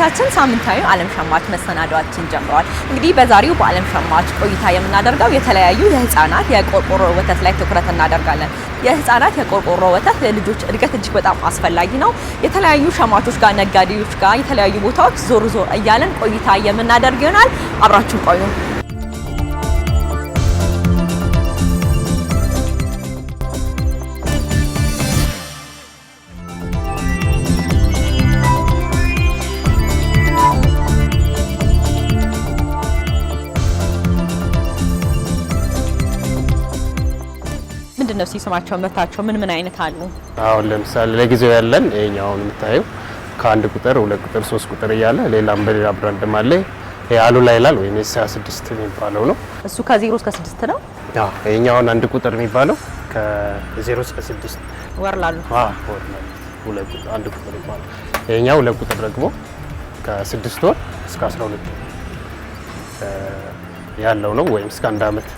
ተመልካቾቻችን ሳምንታዊ ዓለም ሸማች መሰናዷችን ጀምረዋል። እንግዲህ በዛሬው በዓለም ሸማች ቆይታ የምናደርገው የተለያዩ የህፃናት የቆርቆሮ ወተት ላይ ትኩረት እናደርጋለን። የህፃናት የቆርቆሮ ወተት ለልጆች እድገት እጅግ በጣም አስፈላጊ ነው። የተለያዩ ሸማቾች ጋር፣ ነጋዴዎች ጋር፣ የተለያዩ ቦታዎች ዞር ዞር እያለን ቆይታ የምናደርግ ይሆናል። አብራችሁ ቆዩ። እነሱ ይስማቸው መታቸው ምን ምን አይነት አሉ? አሁን ለምሳሌ ለጊዜው ያለን ይሄኛው የምታየው ከአንድ ቁጥር ሁለት ቁጥር ሶስት ቁጥር እያለ ሌላም በሌላ ብራንድም አለ። አሉላ ይላል ወይ ኤስ 26 የሚባለው ነው። እሱ ከ0 እስከ ስድስት ነው። ይሄኛው አሁን አንድ ቁጥር የሚባለው ከ0 እስከ ስድስት ወር ላሉ አንድ ቁጥር ይባላል። ይሄኛው ሁለት ቁጥር ደግሞ ከ6 ወር እስከ 12 ያለው ነው ወይም እስከ አንድ አመት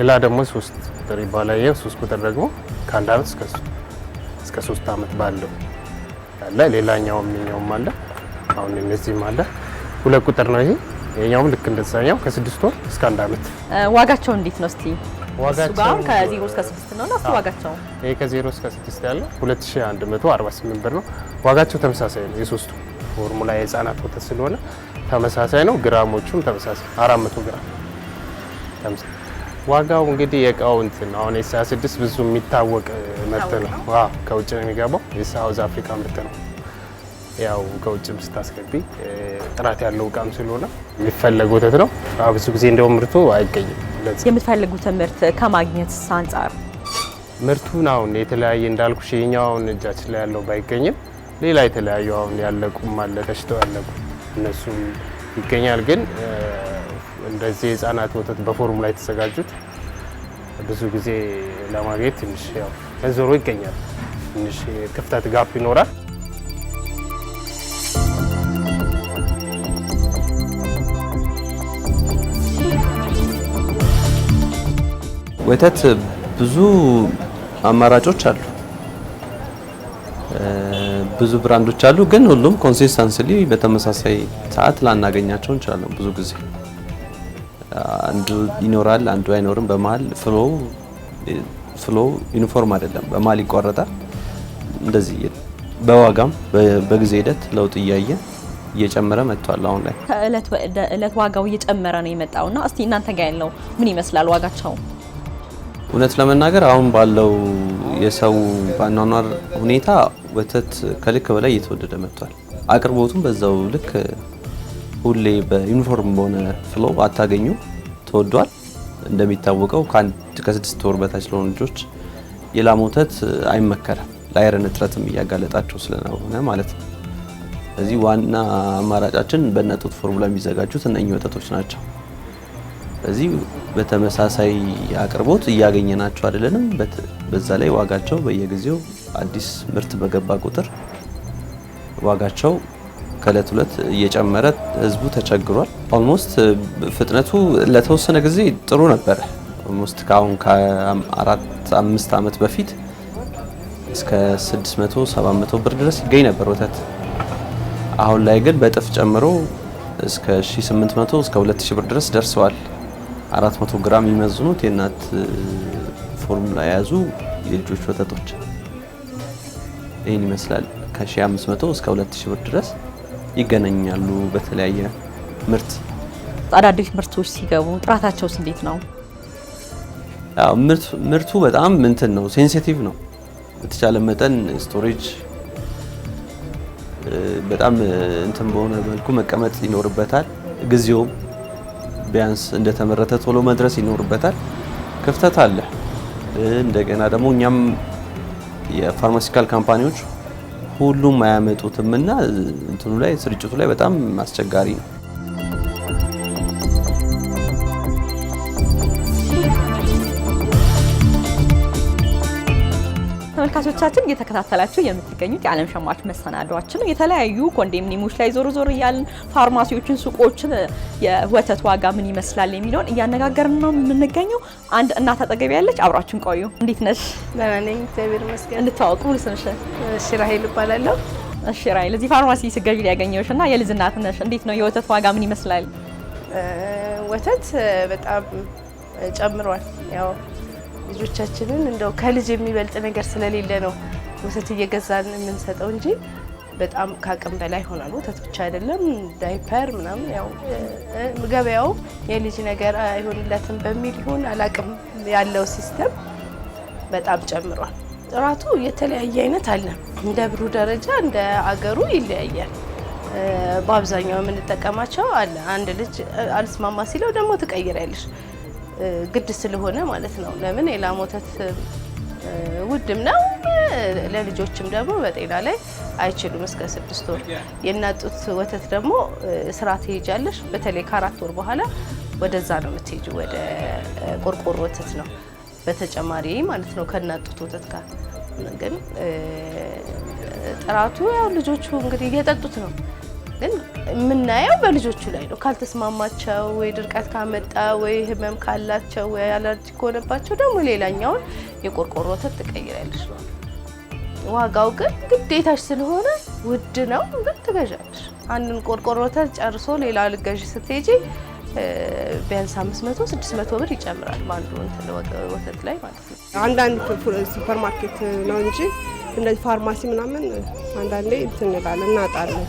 ሌላ ደግሞ ቁጥር ይባላል። ይሄ ሶስት ቁጥር ደግሞ ከአንድ አመት እስከ ሶስት አመት ባለው ያለ ሌላኛው የኛውም አለ። አሁን እነዚህም አለ ሁለት ቁጥር ነው ይሄ የኛውም ልክ እንደተሰኛው ከስድስት ወር እስከ አንድ አመት። ዋጋቸው እንዴት ነው እስቲ? ዋጋቸው ከዜሮ እስከ ስድስት ነው እና ዋጋቸው ይሄ ከዜሮ እስከ ስድስት ያለ ሁለት ሺ አንድ መቶ አርባ ስምንት ብር ነው። ዋጋቸው ተመሳሳይ ነው የሶስቱ ፎርሙላ የህፃናት ወተት ስለሆነ ተመሳሳይ ነው። ግራሞቹም ተመሳሳይ አራት መቶ ግራም ተመሳሳይ ዋጋው እንግዲህ የእቃው እንትን አሁን የኤስያ ስድስት ብዙ የሚታወቅ ምርት ነው። ከውጭ ነው የሚገባው። የሳውዝ አፍሪካ ምርት ነው። ያው ከውጭም ስታስገቢ ጥራት ያለው እቃም ስለሆነ የሚፈለግ ወተት ነው። ብዙ ጊዜ እንደውም ምርቱ አይገኝም። የምትፈልጉትን ምርት ከማግኘት አንጻር ምርቱን አሁን የተለያየ እንዳልኩ ሽኛውን እጃችን ላይ ያለው ባይገኝም ሌላ የተለያዩ አሁን ያለቁም አለ ተሽተው ያለቁ እነሱም ይገኛል ግን እንደዚህ የህፃናት ወተት ላይ የተዘጋጁት ብዙ ጊዜ ለማግኘት ትንሽ ያው ተዞሮ ይገኛል። ትንሽ ክፍተት ጋፕ ይኖራል። ወተት ብዙ አማራጮች አሉ፣ ብዙ ብራንዶች አሉ። ግን ሁሉም ኮንሲስተንስሊ በተመሳሳይ ሰዓት ላናገኛቸው እንችላለን ብዙ ጊዜ አንዱ ይኖራል፣ አንዱ አይኖርም። በመሀል ፍሎ ፍሎ ዩኒፎርም አይደለም፣ በመሀል ይቋረጣል። እንደዚህ በዋጋም በጊዜ ሂደት ለውጥ እያየ እየጨመረ መጥቷል። አሁን ላይ ከእለት ወደ እለት ዋጋው እየጨመረ ነው የመጣውና እስቲ እናንተ ጋር ያለው ምን ይመስላል ዋጋቸው? እውነት ለመናገር አሁን ባለው የሰው ባኗኗር ሁኔታ ወተት ከልክ በላይ እየተወደደ መጥቷል። አቅርቦቱም በዛው ልክ ሁሌ በዩኒፎርም በሆነ ፍሎ አታገኙ ተወዷል። እንደሚታወቀው ከአንድ ከስድስት ወር በታች ለሆኑ ልጆች የላም ወተት አይመከርም ለአይረን እጥረትም እያጋለጣቸው ስለሆነ ማለት ነው። ስለዚህ ዋና አማራጫችን በእናት ጡት ፎርሙላ የሚዘጋጁት እነኚህ ወተቶች ናቸው። እዚህ በተመሳሳይ አቅርቦት እያገኘ ናቸው አይደለንም። በዛ ላይ ዋጋቸው በየጊዜው አዲስ ምርት በገባ ቁጥር ዋጋቸው ከእለት ሁለት እየጨመረ ህዝቡ ተቸግሯል። ኦልሞስት uh, ፍጥነቱ ለተወሰነ ጊዜ ጥሩ ነበረ። ኦልሞስት ከአሁን ከአራት አምስት ዓመት በፊት እስከ 600 700 ብር ድረስ ይገኝ ነበር ወተት። አሁን ላይ ግን በጥፍ ጨምሮ እስከ 800 እስከ 2000 ብር ድረስ ደርሰዋል። 400 ግራም የሚመዝኑት የእናት uh, ፎርሙላ የያዙ የልጆች ወተቶች ይህን ይመስላል። ከ1500 እስከ 2000 ብር ድረስ ይገናኛሉ። በተለያየ ምርት አዳዲስ ምርቶች ሲገቡ ጥራታቸውስ እንዴት ነው? ምርቱ በጣም እንትን ነው፣ ሴንሲቲቭ ነው። በተቻለ መጠን ስቶሬጅ በጣም እንትን በሆነ መልኩ መቀመጥ ይኖርበታል። ጊዜውም ቢያንስ እንደተመረተ ቶሎ መድረስ ይኖርበታል። ክፍተት አለ። እንደገና ደግሞ እኛም የፋርማሲካል ካምፓኒዎች ሁሉም አያመጡትም እና እንትኑ ላይ ስርጭቱ ላይ በጣም አስቸጋሪ ነው። ተመልካቾቻችን እየተከታተላችሁ የምትገኙት የዓለም ሸማች መሰናዷችን የተለያዩ ኮንዶሚኒየሞች ላይ ዞር ዞር እያልን ፋርማሲዎችን፣ ሱቆችን የወተት ዋጋ ምን ይመስላል የሚለውን እያነጋገርን ነው የምንገኘው። አንድ እናት አጠገቢ ያለች አብራችን ቆዩ። እንዴት ነሽ? ደህና ነኝ እግዚአብሔር ይመስገን። እንድታወቁ ሙሉ ስምሽን? እሺ ራሄል እባላለሁ። እሺ ራሄል፣ እዚህ ፋርማሲ ስገዥ ሊያገኘሽ እና የልጅ እናት ነሽ። እንዴት ነው የወተት ዋጋ ምን ይመስላል? ወተት በጣም ጨምሯል ያው ልጆቻችንን እንደው ከልጅ የሚበልጥ ነገር ስለሌለ ነው ወተት እየገዛን የምንሰጠው እንጂ በጣም ከአቅም በላይ ሆኗል። ወተት ብቻ አይደለም ዳይፐር ምናምን፣ ያው ገበያው የልጅ ነገር አይሆንለትም በሚል ይሁን አላቅም ያለው ሲስተም በጣም ጨምሯል። ጥራቱ የተለያየ አይነት አለ። እንደ ብሩ ደረጃ እንደ አገሩ ይለያያል። በአብዛኛው የምንጠቀማቸው አለ። አንድ ልጅ አልስማማ ሲለው ደግሞ ትቀይራለች። ግድ ስለሆነ ማለት ነው። ለምን የላም ወተት ውድም ነው። ለልጆችም ደግሞ በጤና ላይ አይችሉም እስከ ስድስት ወር። የእናት ጡት ወተት ደግሞ ስራ ትሄጃለሽ። በተለይ ከአራት ወር በኋላ ወደዛ ነው የምትሄጁ፣ ወደ ቆርቆሮ ወተት ነው በተጨማሪ ማለት ነው ከእናት ጡት ወተት ጋር። ግን ጥራቱ ያው ልጆቹ እንግዲህ እየጠጡት ነው ግን የምናየው በልጆቹ ላይ ነው። ካልተስማማቸው ወይ ድርቀት ካመጣ ወይ ህመም ካላቸው ወይ አለርጂ ከሆነባቸው ደግሞ ሌላኛውን የቆርቆሮ ወተት ትቀይራለች። ዋጋው ግን ግዴታሽ ስለሆነ ውድ ነው፣ ግን ትገዣለሽ። አንድን ቆርቆሮ ወተት ጨርሶ ሌላ ልገዢ ስትሄጂ ቢያንስ 500 600 ብር ይጨምራል በአንዱ ወተት ላይ ማለት ነው። አንዳንድ ሱፐር ማርኬት ነው እንጂ እንደዚህ ፋርማሲ ምናምን አንዳንዴ እንትን እንላለን እናጣለን።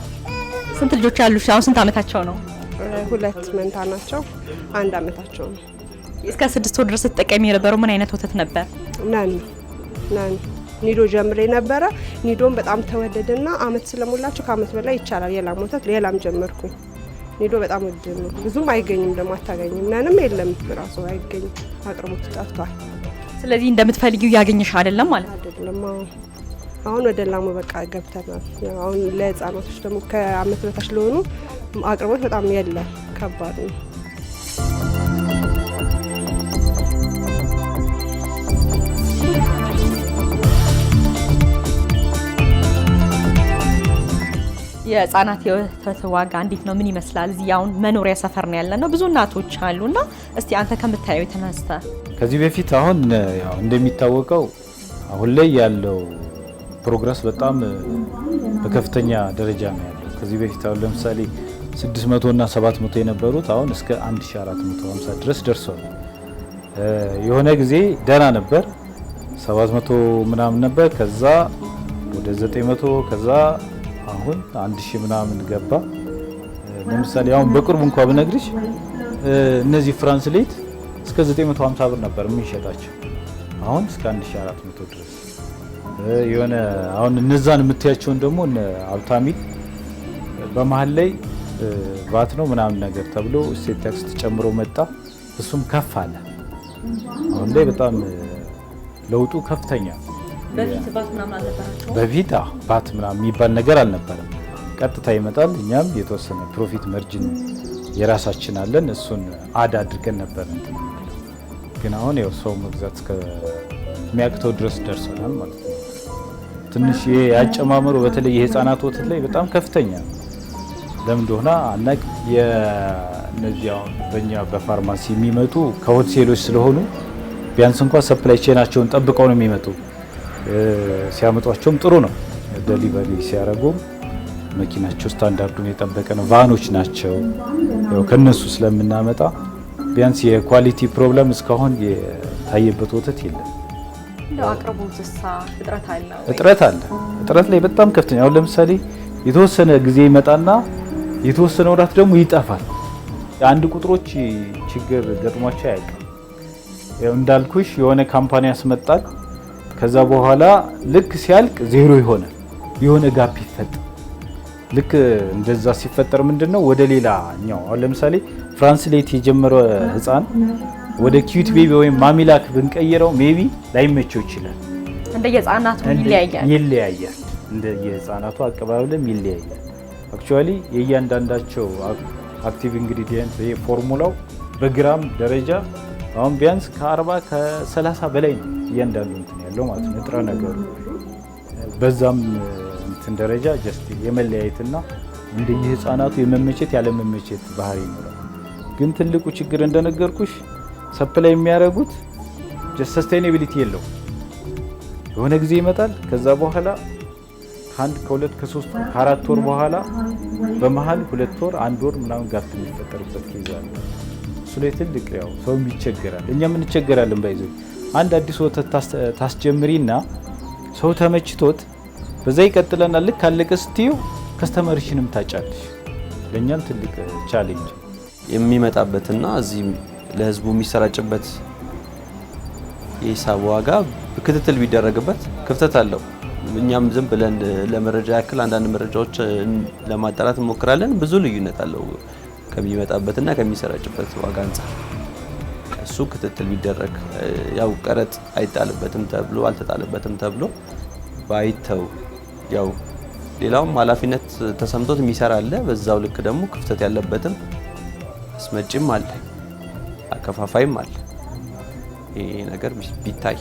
ስንት ልጆች ያሉሽ? አሁን ስንት አመታቸው ነው? ሁለት መንታ ናቸው። አንድ አመታቸው ነው። እስከ ስድስት ወር ድረስ ስትጠቀሚ የነበረው ምን አይነት ወተት ነበር? ነን ናኒ ኒዶ ጀምሬ ነበረ። ኒዶን በጣም ተወደደና አመት ስለሞላቸው ከአመት በላይ ይቻላል የላም ወተት ሌላም ጀመርኩኝ። ኒዶ በጣም ውድ ነው። ብዙም አይገኝም ደግሞ አታገኝም። ናንም የለም ራሱ አይገኝም። አቅርቦት ጠፍቷል። ስለዚህ እንደምትፈልጊው ያገኘሽ አይደለም ማለት አይደለም። አሁን ወደ ላሙ በቃ ገብተናል። አሁን ለህፃናቶች ደግሞ ከአመት በታች ለሆኑ አቅርቦት በጣም የለ ከባድ ነው። የህጻናት የወተት ዋጋ እንዴት ነው? ምን ይመስላል? እዚህ አሁን መኖሪያ ሰፈር ነው ያለ ነው ብዙ እናቶች እና እስቲ አንተ ከምታየው የተነስተ ከዚህ በፊት አሁን እንደሚታወቀው አሁን ላይ ያለው ፕሮግረስ በጣም በከፍተኛ ደረጃ ነው ያለው። ከዚህ በፊት አሁን ለምሳሌ 600 እና 700 የነበሩት አሁን እስከ 1450 ድረስ ደርሰዋል። የሆነ ጊዜ ደህና ነበር 700 ምናምን ነበር፣ ከዛ ወደ 900 ከዛ አሁን 1000 ምናምን ገባ። ለምሳሌ አሁን በቅርቡ እንኳ ብነግርሽ እነዚህ ፍራንስሌት እስከ 950 ብር ነበር የምንሸጣቸው አሁን እስከ 1400 ድረስ የሆነ አሁን እነዛን የምታያቸውን ደግሞ አብታሚል በመሀል ላይ ቫት ነው ምናምን ነገር ተብሎ እሴት ታክስ ተጨምሮ መጣ። እሱም ከፍ አለ። አሁን ላይ በጣም ለውጡ ከፍተኛ። በፊት ቫት ምናምን የሚባል ነገር አልነበረም። ቀጥታ ይመጣል። እኛም የተወሰነ ፕሮፊት መርጅን የራሳችን አለን። እሱን አድ አድርገን ነበር እንትን ግን አሁን ያው ሰው መግዛት እስከሚያቅተው ድረስ ደርሰናል ማለት ነው። ትንሽ ያጨማመሩ በተለይ የህፃናት ወተት ላይ በጣም ከፍተኛ ነው። ለምን እንደሆነ አናቅ የእነዚያ በእኛ በፋርማሲ የሚመጡ ከሆቴሎች ስለሆኑ ቢያንስ እንኳ ሰፕላይ ቼናቸውን ጠብቀው ነው የሚመጡ። ሲያመጧቸውም ጥሩ ነው። ደሊቨሪ ሲያደርጉም መኪናቸው ስታንዳርዱን የጠበቀ ነው። ቫኖች ናቸው። ያው ከነሱ ስለምናመጣ ቢያንስ የኳሊቲ ፕሮብለም እስካሁን የታየበት ወተት የለም። እጥረት አለ እጥረት ላይ በጣም ከፍተኛ። አሁን ለምሳሌ የተወሰነ ጊዜ ይመጣና የተወሰነ ወራት ደግሞ ይጠፋል። የአንድ ቁጥሮች ችግር ገጥሟቸው አያውቅም። እንዳልኩሽ የሆነ ካምፓኒ ያስመጣል። ከዛ በኋላ ልክ ሲያልቅ ዜሮ ይሆናል። የሆነ ጋፕ ይፈጠር። ልክ እንደዛ ሲፈጠር ምንድን ነው ወደ ሌላኛው አሁን ለምሳሌ ፍራንስሌት የጀመረ ህፃን ወደ ኪዩት ቤቢ ወይም ማሚላክ ብንቀይረው ሜቢ ላይመቸው ይችላል። የህፃናቱ ይለያያል ይለያያል የህፃናቱ አቀባበልም ይለያያል። አክቹዋሊ የእያንዳንዳቸው አክቲቭ ኢንግሪዲየንት ፎርሙላው በግራም ደረጃ አሁን ቢያንስ ከ40 ከ30 በላይ ነው እያንዳንዱ እንትን ያለው ማለት ነው ንጥረ ነገሩ። በዛም እንትን ደረጃ ጀስት የመለያየትና የህፃናቱ የመመቸት ያለመመቸት ባህሪ ይኖራል። ግን ትልቁ ችግር እንደነገርኩሽ ሰፕላይ የሚያደርጉት ሰስቴኔቢሊቲ የለው። የሆነ ጊዜ ይመጣል። ከዛ በኋላ ከአንድ ከሁለት ከሶስት ከአራት ወር በኋላ በመሀል ሁለት ወር አንድ ወር ምናምን ጋር የሚፈጠርበት ጊዜ አለ። እሱ ላይ ትልቅ ያው ሰውም ይቸገራል፣ እኛም እንቸገራለን። ባይዘ አንድ አዲስ ወተት ታስጀምሪና ሰው ተመችቶት በዛ ይቀጥለናል። ልክ ካለቀ ስትዩ ከስተመርሽንም ታጫለሽ። ለእኛም ትልቅ ቻሌንጅ የሚመጣበትና እዚህ ለህዝቡ የሚሰራጭበት የሂሳብ ዋጋ ክትትል ቢደረግበት ክፍተት አለው። እኛም ዝም ብለን ለመረጃ ያክል አንዳንድ መረጃዎች ለማጣራት እንሞክራለን። ብዙ ልዩነት አለው ከሚመጣበትና ከሚሰራጭበት ዋጋ አንጻር እሱ ክትትል ቢደረግ ያው ቀረጥ አይጣልበትም ተብሎ አልተጣልበትም ተብሎ ባይተው ያው ሌላውም ኃላፊነት ተሰምቶት የሚሰራ አለ። በዛው ልክ ደግሞ ክፍተት ያለበትም አስመጪም አለ። አከፋፋይም አለ። ይሄ ነገር ቢታይ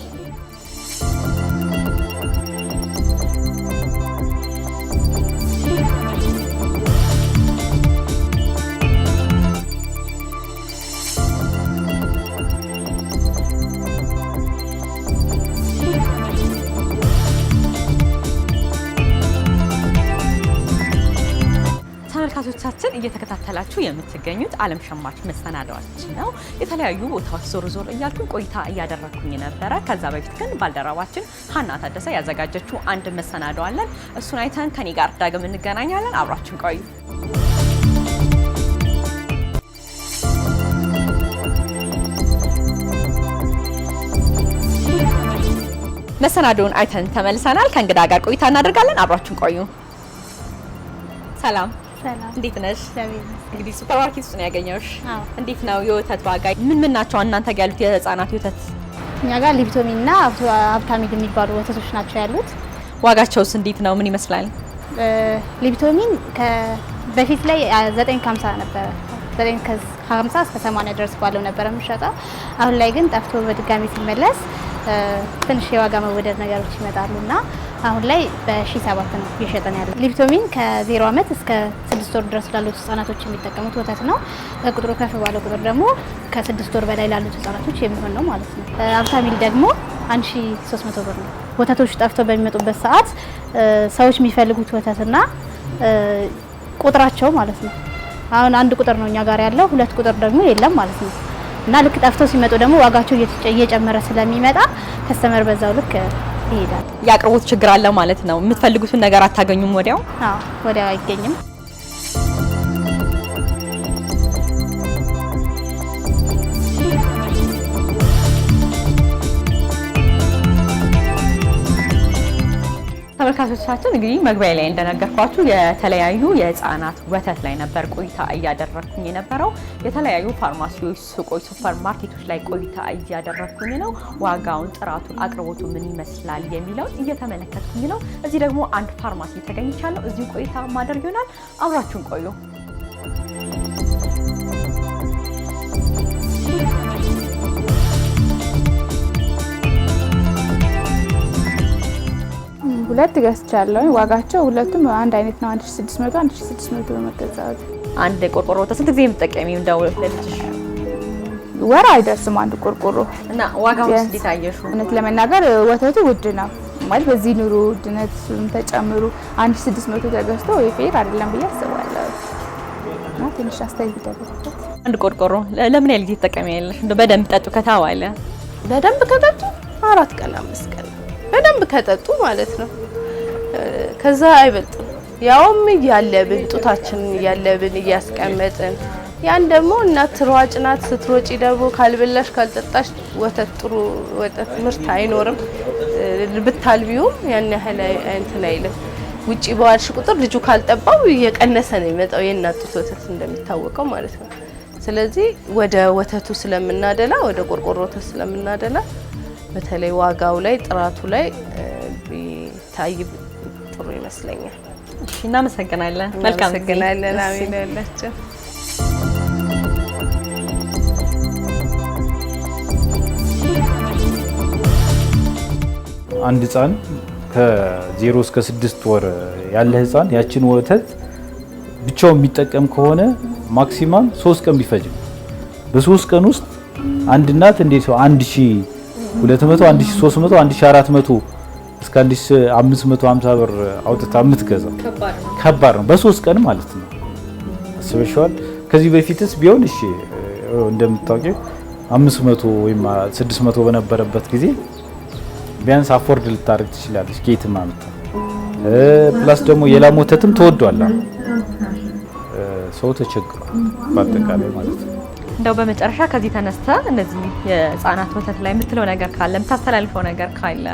እያደረጋችሁ የምትገኙት አለም ሸማች መሰናዳችን ነው። የተለያዩ ቦታዎች ዞር ዞር እያልኩኝ ቆይታ እያደረግኩኝ ነበረ። ከዛ በፊት ግን ባልደረባችን ሀና ታደሰ ያዘጋጀችው አንድ መሰናዶ አለን። እሱን አይተን ከኔ ጋር ዳግም እንገናኛለን። አብራችን ቆዩ። መሰናዶውን አይተን ተመልሰናል። ከእንግዳ ጋር ቆይታ እናደርጋለን። አብራችን ቆዩ። ሰላም እንዴት ነሽ? እንግዲህ ሱፐርማርኬት ውስጥ ነው ያገኘሁሽ። እንዴት ነው የወተት ዋጋ? ምን ምን ናቸው እናንተ ጋር ያሉት የህፃናት ወተት? እኛ ጋር ሊፕቶሚን እና ሀብታሚድ የሚባሉ ወተቶች ናቸው ያሉት። ዋጋቸውስ እንዴት ነው? ምን ይመስላል? ሊፕቶሚን በፊት ላይ ዘጠኝ ከሀምሳ ነበረ ዘጠኝ ከሀምሳ እስከ ሰማንያ ድረስ ባለው ነበረ የምሸጠው። አሁን ላይ ግን ጠፍቶ በድጋሚ ሲመለስ ትንሽ የዋጋ መወደድ ነገሮች ይመጣሉ እና አሁን ላይ በሺ ሰባት ነው እየሸጠን ያለ። ሊፕቶሚን ከዜሮ ዓመት እስከ ስድስት ወር ድረስ ላሉት ህጻናቶች የሚጠቀሙት ወተት ነው። በቁጥሩ ከፍ ባለ ቁጥር ደግሞ ከስድስት ወር በላይ ላሉት ህጻናቶች የሚሆን ነው ማለት ነው። አብታሚል ደግሞ 1300 ብር ነው። ወተቶች ጠፍተው በሚመጡበት ሰዓት ሰዎች የሚፈልጉት ወተትና ቁጥራቸው ማለት ነው። አሁን አንድ ቁጥር ነው እኛ ጋር ያለው፣ ሁለት ቁጥር ደግሞ የለም ማለት ነው። እና ልክ ጠፍቶ ሲመጡ ደግሞ ዋጋቸው እየጨመረ ስለሚመጣ ከስተመር በዛው ልክ ይሄዳል። የአቅርቦት ችግር አለ ማለት ነው። የምትፈልጉትን ነገር አታገኙም፣ ወዲያው ወዲያው አይገኝም። ተመልካቾቻችን እንግዲህ መግቢያ ላይ እንደነገርኳችሁ የተለያዩ የህፃናት ወተት ላይ ነበር ቆይታ እያደረግኩኝ የነበረው። የተለያዩ ፋርማሲዎች፣ ሱቆች፣ ሱፐር ማርኬቶች ላይ ቆይታ እያደረግኩኝ ነው። ዋጋውን፣ ጥራቱን፣ አቅርቦቱ ምን ይመስላል የሚለውን እየተመለከትኩኝ ነው። እዚህ ደግሞ አንድ ፋርማሲ ተገኝቻለሁ። እዚሁ ቆይታ ማድረግ ይሆናል። አብራችሁን ቆዩ። ሁለት ገዝቻለሁ። ዋጋቸው ሁለቱም አንድ አይነት ነው። 1600 1600 ብር መገዛት። አንድ ቆርቆሮ ስንት ጊዜ የምትጠቀሚው? እንደው ለልጅሽ ወር አይደርስም አንድ ቆርቆሮ እና ዋጋው እንዴት አየሽው? እውነት ለመናገር ወተቱ ውድ ነው ማለት በዚህ ኑሮ ውድነት ተጨምሮ 1600 ተገዝቶ የፌር አይደለም ብዬ አስባለሁ። እና ትንሽ አስተያየት ቢደረግበት አንድ ቆርቆሮ ለምን ያህል ጊዜ ትጠቀሚያለሽ? እንደው በደንብ ጠጡ ከተባለ በደንብ ከጠጡ አራት ቀን አምስት ቀን በደንብ ከጠጡ ማለት ነው። ከዛ አይበልጥም። ያውም እያለብን ጡታችንን እያለብን እያስቀመጥን ያን ደግሞ እናት ሯጭ ናት። ስትሮጪ ደግሞ ካልበላሽ ካልጠጣሽ ወተት ጥሩ ወተት ምርት አይኖርም። ብታልቢውም ያን ያህል እንትን አይልም። ውጪ በዋልሽ ቁጥር ልጁ ካልጠባው እየቀነሰ ነው የሚመጣው የእናት ጡት ወተት እንደሚታወቀው ማለት ነው። ስለዚህ ወደ ወተቱ ስለምናደላ ወደ ቆርቆሮ ወተት ስለምናደላ በተለይ ዋጋው ላይ ጥራቱ ላይ ቢታይ ጥሩ ይመስለኛል። እሺ፣ እናመሰግናለን። መልካም እናመሰግናለን። አሜን ያላቸው አንድ ህፃን ከዜሮ እስከ ስድስት ወር ያለ ህፃን ያችን ወተት ብቻው የሚጠቀም ከሆነ ማክሲማም ሶስት ቀን ቢፈጅም በሶስት ቀን ውስጥ አንድ እናት እንዴት አንድ ሺህ 200፣ 1300፣ 1400 እስከ 1550 ብር አውጥታ የምትገዛው ከባድ ነው። በሶስት ቀን ማለት ነው። አስበሽዋል። ከዚህ በፊትስ ቢሆን እሺ እንደምታውቂው 500 ወይም 600 በነበረበት ጊዜ ቢያንስ አፎርድ ልታደርግ ትችላለች። ጌት ማለት ፕላስ ደግሞ የላም ወተትም ተወዷል። ሰው ተቸግሯል በአጠቃላይ ማለት ነው። እንደው በመጨረሻ ከዚህ ተነስተ እነዚህ የህፃናት ወተት ላይ የምትለው ነገር ካለ የምታስተላልፈው ነገር ካለ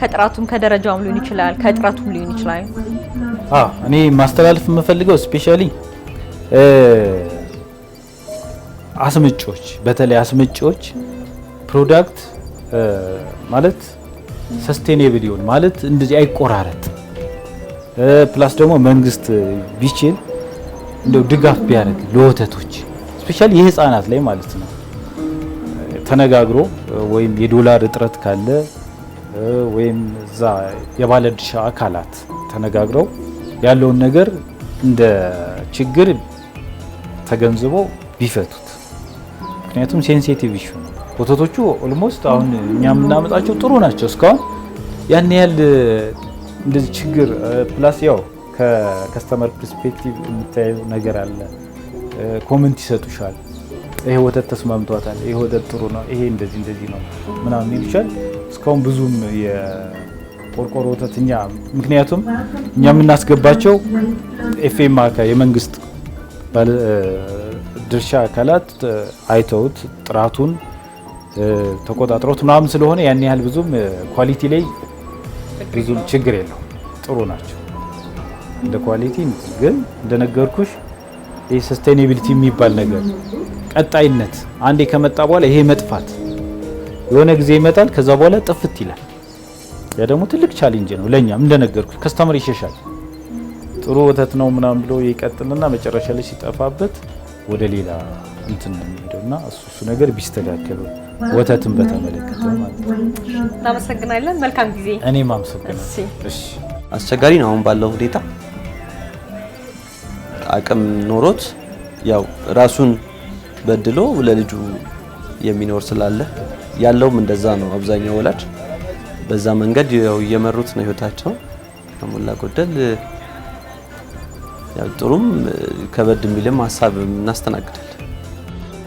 ከጥራቱም ከደረጃውም ሊሆን ይችላል፣ ከጥረቱም ሊሆን ይችላል። እኔ ማስተላለፍ የምፈልገው ስፔሻሊ አስምጮች በተለይ አስምጮች ፕሮዳክት ማለት ሰስቴኔብል ይሆን ማለት እንደዚህ አይቆራረጥ፣ ፕላስ ደግሞ መንግስት ቢችል እንደው ድጋፍ ቢያደርግ ለወተቶች ስፔሻሊ የህፃናት ላይ ማለት ነው ተነጋግሮ ወይም የዶላር እጥረት ካለ ወይም እዛ የባለድርሻ አካላት ተነጋግረው ያለውን ነገር እንደ ችግር ተገንዝቦ ቢፈቱት። ምክንያቱም ሴንሲቲቭ ኢሹ ነው። ወተቶቹ ኦልሞስት አሁን እኛ የምናመጣቸው ጥሩ ናቸው። እስካሁን ያን ያህል እንደዚህ ችግር ፕላስ ያው ከከስተመር ፐርስፔክቲቭ የምታየው ነገር አለ። ኮመንት ይሰጡሻል። ይሄ ወተት ተስማምቷታል፣ ይሄ ወተት ጥሩ ነው፣ ይሄ እንደዚህ እንደዚህ ነው ምናምን ይሉሻል። እስካሁን ብዙም የቆርቆሮ ወተት እኛ ምክንያቱም እኛ የምናስገባቸው ኤፍኤም አካል የመንግስት ድርሻ አካላት አይተውት ጥራቱን ተቆጣጥሮት ምናምን ስለሆነ ያን ያህል ብዙም ኳሊቲ ላይ ብዙም ችግር የለው ጥሩ ናቸው እንደ ኳሊቲ ግን እንደነገርኩሽ ይህ የሚባል ነገር ቀጣይነት፣ አንዴ ከመጣ በኋላ ይሄ መጥፋት የሆነ ጊዜ ይመጣል፣ ከዛ በኋላ ጥፍት ይላል። ያ ደግሞ ትልቅ ቻሌንጅ ነው ለእኛም። እንደነገርኩ ከስተመር ይሸሻል። ጥሩ ወተት ነው ምናምን ብሎ ይቀጥልና መጨረሻ ላይ ሲጠፋበት ወደ ሌላ እንትን ነው የሚሄደው እና እሱ እሱ ነገር ቢስተካከሉ ወተትን በተመለከተ ማለት እናመሰግናለን። መልካም ጊዜ። እኔም አመሰግናለሁ። አስቸጋሪ ነው አሁን ባለው ሁኔታ አቅም ኖሮት ያው ራሱን በድሎ ለልጁ የሚኖር ስላለ ያለውም እንደዛ ነው። አብዛኛው ወላጅ በዛ መንገድ ያው እየመሩት ነው ህይወታቸው። ከሞላ ጎደል ያው ጥሩም ከበድ የሚልም ሀሳብ እናስተናግዳል።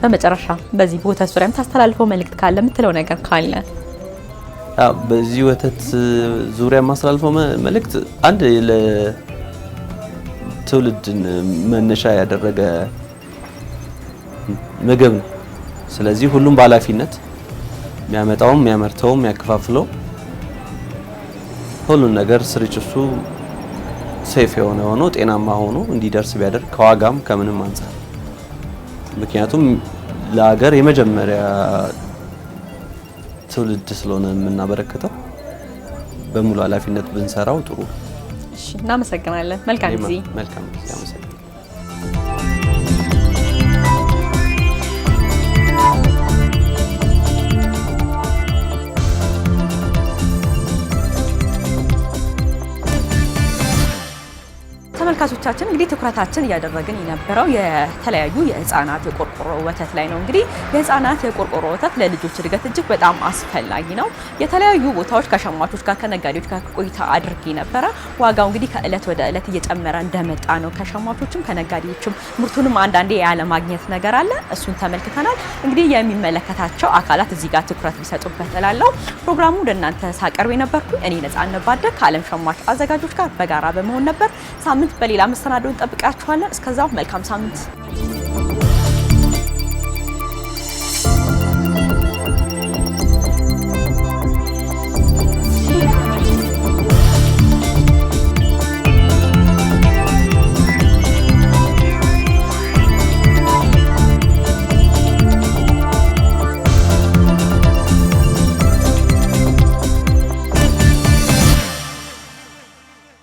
በመጨረሻ በዚህ ወተት ዙሪያም ታስተላልፈው መልእክት ካለ የምትለው ነገር ካለ? በዚህ ወተት ዙሪያ ማስተላልፈው መልእክት አንድ ትውልድን መነሻ ያደረገ ምግብ ነው። ስለዚህ ሁሉም በኃላፊነት የሚያመጣውም የሚያመርተውም የሚያከፋፍለው ሁሉን ነገር ስርጭቱ ሴፍ የሆነ ሆኖ ጤናማ ሆኖ እንዲደርስ ቢያደርግ ከዋጋም ከምንም አንጻር ምክንያቱም ለሀገር የመጀመሪያ ትውልድ ስለሆነ የምናበረክተው በሙሉ ኃላፊነት ብንሰራው ጥሩ እናመሰግናለን። መልካም ጊዜ። መልካም ጊዜ። አመሰግናለሁ። ተመልካቾቻችን እንግዲህ ትኩረታችን እያደረግን የነበረው የተለያዩ የህፃናት የቆ የቆርቆሮ ወተት ላይ ነው። እንግዲህ የህፃናት የቆርቆሮ ወተት ለልጆች እድገት እጅግ በጣም አስፈላጊ ነው። የተለያዩ ቦታዎች ከሸማቾች ጋር ከነጋዴዎች ጋር ቆይታ አድርጌ ነበረ። ዋጋው እንግዲህ ከእለት ወደ እለት እየጨመረ እንደመጣ ነው። ከሸማቾችም ከነጋዴዎችም ምርቱንም አንዳንዴ ያለማግኘት ነገር አለ። እሱን ተመልክተናል። እንግዲህ የሚመለከታቸው አካላት እዚህ ጋር ትኩረት ቢሰጡበት እላለሁ። ፕሮግራሙ ወደ እናንተ ሳቀርብ የነበርኩኝ እኔ ነጻነት ባደ ከአለም ሸማች አዘጋጆች ጋር በጋራ በመሆን ነበር። ሳምንት በሌላ መሰናዶ እንጠብቃችኋለን። እስከዛው መልካም ሳምንት